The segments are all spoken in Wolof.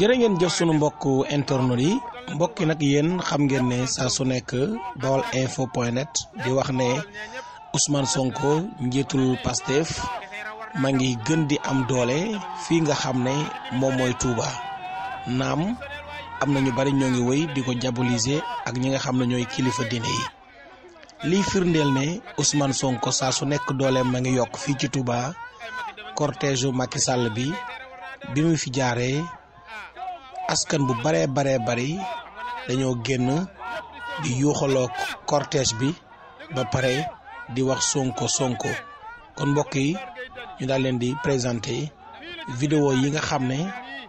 jërë ngeen jëf sunu mbokk internet yi mbokk yi nag yéen xam ngeen ne saa su nekk Baol info point net di wax ne Ousmane Sonko njiitul Pastef ma ngi gën di am doole fii nga xam ne moom mooy Touba naam am na ñu bari ñoo ngi wéy di ko diaboliser ak ñi nga xam ne ñooy kilifa diine yi liy firndeel ne Ousmane Sonko saa su nekk doole ma ngi yokk fii ci Touba cortège Macky Sall bi bi mu fi jaaree. askan bu baree baree bari dañoo génn di yuuxaloo cortège bi ba pare di wax sonko sonko kon mbokk yi ñu daal leen di présenté vidéo yi nga xam ne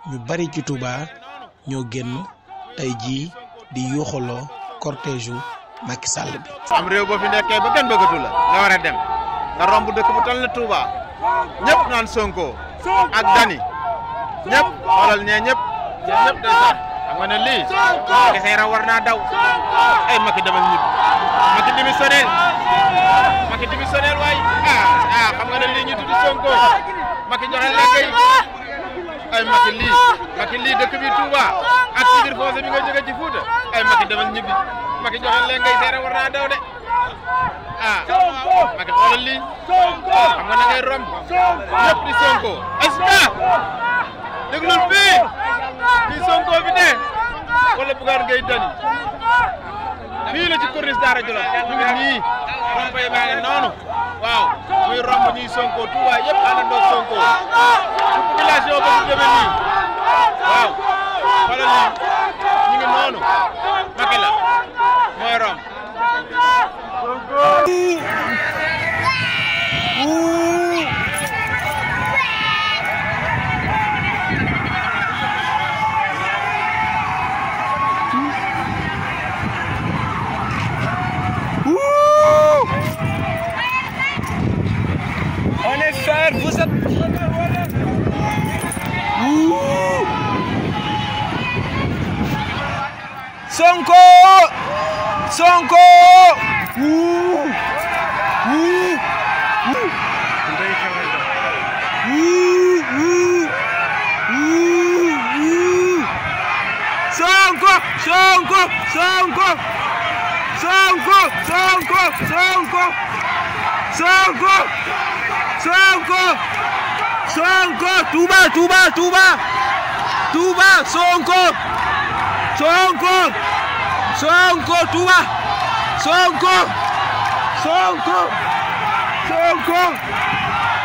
ñu bari ci Touba ñoo génn tey jii di yuuxaloo cortège u Macky Sall bi. am réew boo fi nekkee ba kenn bëggatu la nga war a dem nga romb dëkk bu tal na Touba ñëpp naan sonko ak dani ñëpp xoolal ñee ñëpp. ñëpp da sax xam nga ne lii war naa daw ay Macky demal ñibbi Macky démissionnel Macky démissionnel waay ah, ah xam nga ne lii ñu tudd Sonko Macky joxe lekkay ay Macky lii Macky lii dëkk bi Touba ak bi nga jóge ci Fouta ay Macky demal ñibbi Macky joxe lekkay seera war naa daw de ah Macky xoolal lii xam nga na ngay romb ñëpp di Sonko est-ce que déglul fii fii Sonko fi ne wala Bougane Gueye Dany ci corniche Daara Jolof nii romb yi baa ngi noonu waaw muy romb ñuy Sonko Touba yëpp àndandoo Sonko population ba mu demee nii waaw xoolal ñu ngi noonu. Sonko Sonko wuu wuu wuu wuu Sonko Sonko Sonko Sonko Sonko Sonko Sonko Sonko Sonko Touba Touba Touba Touba Sonko Sonko Sonko Touba Sonko Sonko Sonko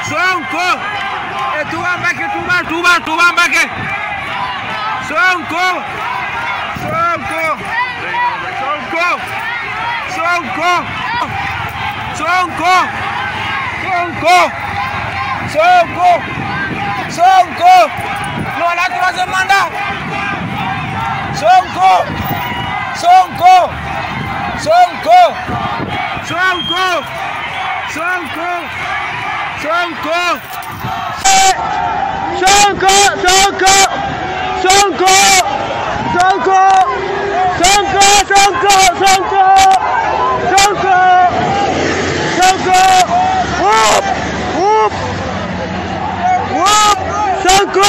Sonko et Touba Mbacké Touba Touba Touba Mbacké Sonko Sonko Sonko Sonko Sonko Sonko Sonko Sonko Sonko Sonko Sonko Sonko Sonko Sonko Sonko Sonko Sonko Sonko Sonko Sonko Sonko Sonko Whoop Whoop Whoop Sonko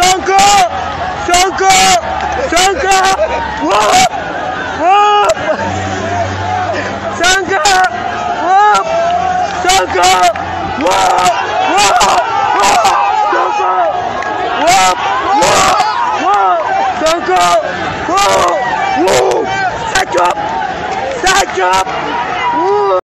Sonko Sonko Sonko hop hop Sanka hop Sanka hop hop Sanka hop hop hop Sanka hop woo Satch up Satch up